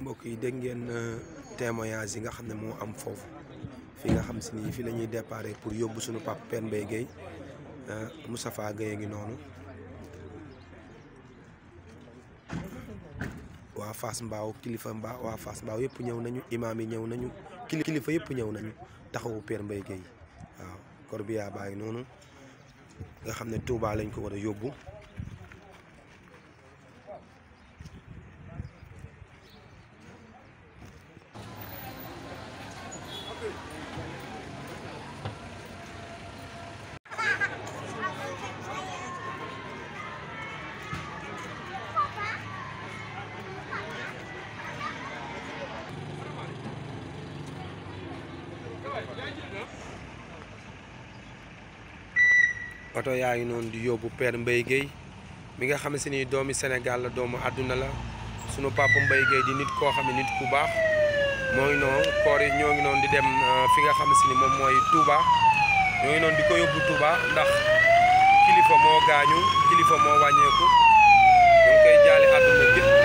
mbokk yi dégg ngeen euh, témoignage yi nga xam ne moo am foofu fi nga xam si nii fii lañuy ñuy pour yóbbu suñu papa Pène Mbaye Guèye euh, Moustapha Guèye ngi noonu waa Fass Mbao kilifa Mbao waa Fass Mbao yëpp ñëw nañu imaam yi ñëw nañu kilifa yëpp ñëw nañu taxawu Pène Mbaye Guèye waaw corbillard baa ngi noonu nga xam ne Touba lañ ko war a yóbbu oto yaa ngi noonu di yóbbu Père Mbaye Guèye mi nga xam si ni doomi Sénégal la doomu àdduna la sunu papa Mbaye Guèye di nit koo xam ne nit ku baax moo ngi noonu ñoo ngi noonu di dem euh, fi nga xam ni moom mooy Touba ngi noonu di ko yóbbu Touba ndax kilifa moo gaañu kilifa moo wàññeeku ñu ngi koy àdduna gépp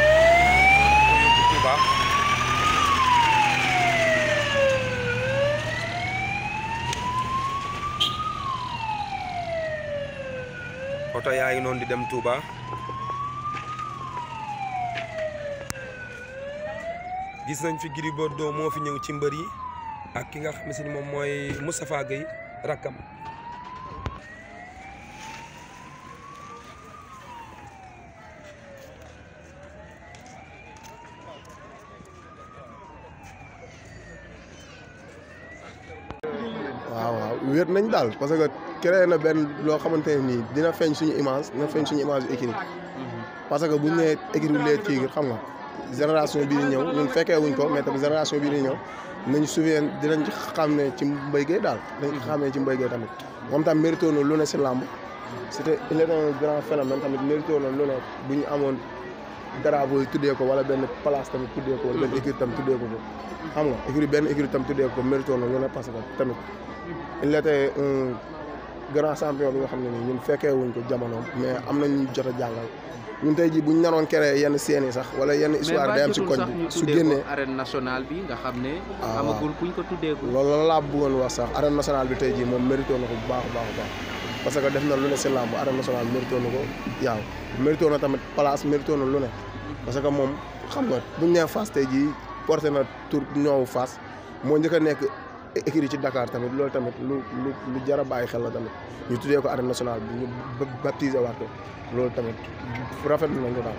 oto yaa ngi dem Touba gis nañ fi Gris Bordeaux fi ñëw ci mbër yi ak ki nga moom mooy Moustapha Gueye rakkam waaw waaw wér nañ daal parce que créé na benn loo xamante ne nii dina feeñ suñu image dina feeñ suñu image yu écrit parce que bu ñu nee écrit wu lee Tigre xam nga génération bi di ñëw ñun fekkee wuñ ko mais tamit génération bii di ñëw nañ souvenir dinañ xam ne ci Mbaye Gueye daal dinañ xam ne ci Mbaye tamit moom tam mérité na lu ne si làmb c'était il était un grand phénomène tamit mérité na lu ne ñu amoon drapeau yi tuddee ko wala benn place tamit tuddee ko wala benn écrit tamit tuddee ko ko xam nga écrit benn écrit tamit tuddee ko mérité na lu ne parce que tamit il grand champion bi nga xam ne nii ñun fekkee wuñ ko jamonoom mais am nañ ñu jot a jàngal ñun tey jii buñ naroon créé yenn scène sax wala yenn histoire day am si koñ bi su génnee arène nationale bi nga ah. la laa bëggoon wax sax arène nationale bi tey jii moom mérité na ko bu baax baax parce que def na lu ne si làmb arène nationale mérité na ko yaaw mérité na tamit place mérité na lu ne parce que moom xam nga buñ nee Fass tey jii porté na tur ñoowu Fass moo njëkk a nekk écurie ci Dakar tamit loolu tamit lu lu lu jar a bàyyi xel la tamit ñu tuddee ko arène nationale bi ñu baptisé loolu tamit rafet nañ ko daal.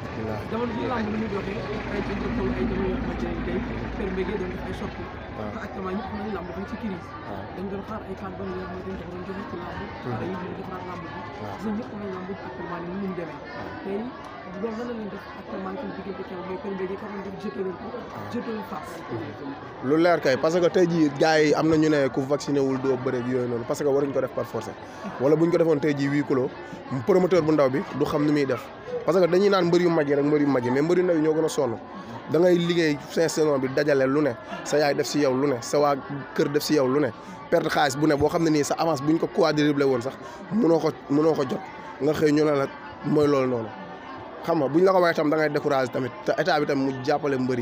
waaw loolu mhm. lu leer kay parce que te jii gars yi am na ñu ne ku vacciné wul doo bëre yooyu noonu parce que war waruñ ko def par force wala buñ ko defoon tey jii huis clos promoteur bu ndaw bi du xam ni muy def parce que dañuy naan mbër yu mag yi rek mbër yu mag yi mais mbër yu ndaw yi ñoo gën a sonn. da ngay liggéey fin saison bi dajale lu ne sa yaay def si yow lu ne sa waa kër def si yow lu ne perte xaalis bu ne boo xam ne nii sa avance buñ ko quadruplé woon sax mënoo ko mënoo ko jot nga xëy ñu ne la mooy loolu noonu xam nga buñ la ko waxee tam da ngay découragé tamit te état bi tamit mu jàppale mbër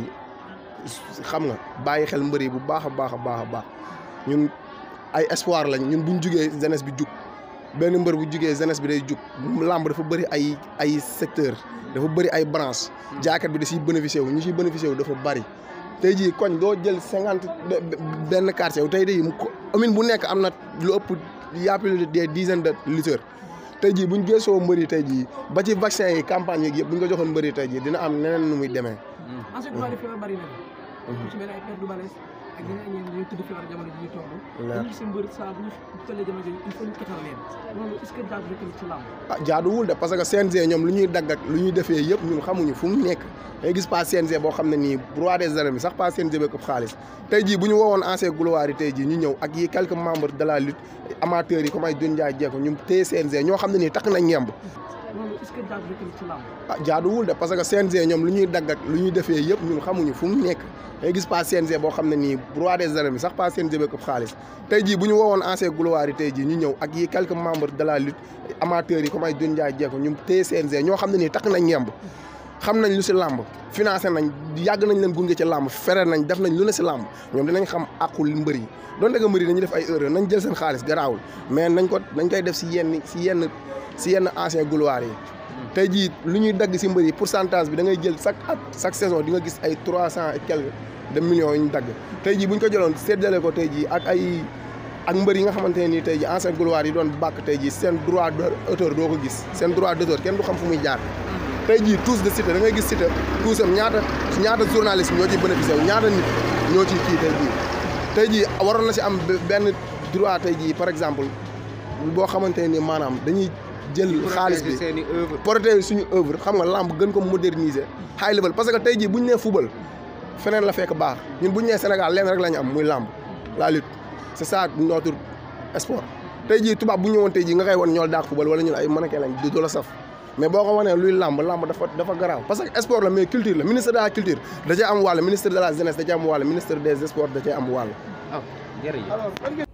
xam nga bàyyi xel mbëri yi bu baax a baax a baax a baax ñun ay espoir lañ ñun buñ jugee jeunesse bi jug benn mbër bu jugee jeunesse bi day jug làmb dafa bëri ay ay secteur dafa bëri ay branche jaaykat bi da siy bénéficié wu ñu siy bénéficié wu dafa bëri tey ji koñ doo jël cinquante benn quartier wu tey day commune bu nekk am na lu ëpp y a plus des dizaines de lutteurs tey jii buñ gëstoo mbëri tey jii ba ci vaccin yi campagne yi yëpp buñ ko joxoon mbëri tey jii dina am neneen nu muy demee. ensuite du mm. na. su mm-hmm. mel ay ak yeneen yeneen yooyu tudd feebar jamono ji ñu toll. jaadu rek ah, de parce que CNG ñoom lu ñuy dagg lu ñuy defee yëpp ñun xamuñu fu mu nekk day gis pas CNG boo xam ne nii roi de arènes bi sax pas CNG beeg xaalis tey jii bu ñu woowoon ancien gloire yi tey jii ñu ñëw ak yi quelques membres de la lutte amateurs yi comme ay Doudou jee Diécko ñun téye ñoo xam ne nii takk nañ ñemb ah jaaduwul de parce que CNG ñoom lu ñuy dagg lu ñuy defee yëpp ñun xamuñu fu mu nekk day gis pas CNG boo xam ne nii roi des arènes bi sax pas CNG beeg xaalis te jii bu ñu woowoon ancien gloire yi tey jii ñu ñëw ak yi quelque membre de la lutte amateurs yi comme ay Doudou Ndiaye ñu téye ñoo xam ne nii takk nañ ñemb xam nañ lu si làmb financé nañ yàgg nañ leen gunge ci làmb fere nañ def nañ lu ne si làmb ñoom dinañ xam àqul mbër yi donte que mbër yi dañuy def ay erreur nañ jël seen xaalis garaawul mais nañ ko nañ koy def si yenn si yenn si yenn ancien gloire yi. tey jii lu ñuy dagg si mbër yi pourcentage bi da ngay jël chaque at chaque saison di nga gis ay trois cent et quelques de millions yu ñu dagg tey jii bu ñu ko jëloon séddale ko tey jii ak ay ak mbër yi nga xamante ne nii tey jii ancien gloire yi doon bàkk tey jii seen droit d'auteur doo ko gis seen droit d'auteur kenn du xam fu jaar te jii tous de Siteu da ngay gis Siteu tous am ñaata ñaata journaliste ñoo ciy bénéficié wu ñaata nit ñoo ciy kii tey jii tey jii waroon na si am benn droit te jii par exemple boo xamante ni maanaam dañuy jël xaalis bi protéger suñu xam nga lamb gën ko moderniser high level parce que tey jii bu ñu nee football feneen la fekk baax ñun bu ñu nee Sénégal leen rek lañu am muy lamb la lutte c'est ça notre sport tey jii tubaab bu ñëwoon tey jii nga koy won ñool daak football wala ñun ay mannequin lañ du la saf mais boo ko wanee luy làmb làmb dafa garaaw parce que sport la mais culture la ministre de la culture da cee am wàll ministre de la jeunesse da cee am wàll ministre des sports da cee am wàll. Ah,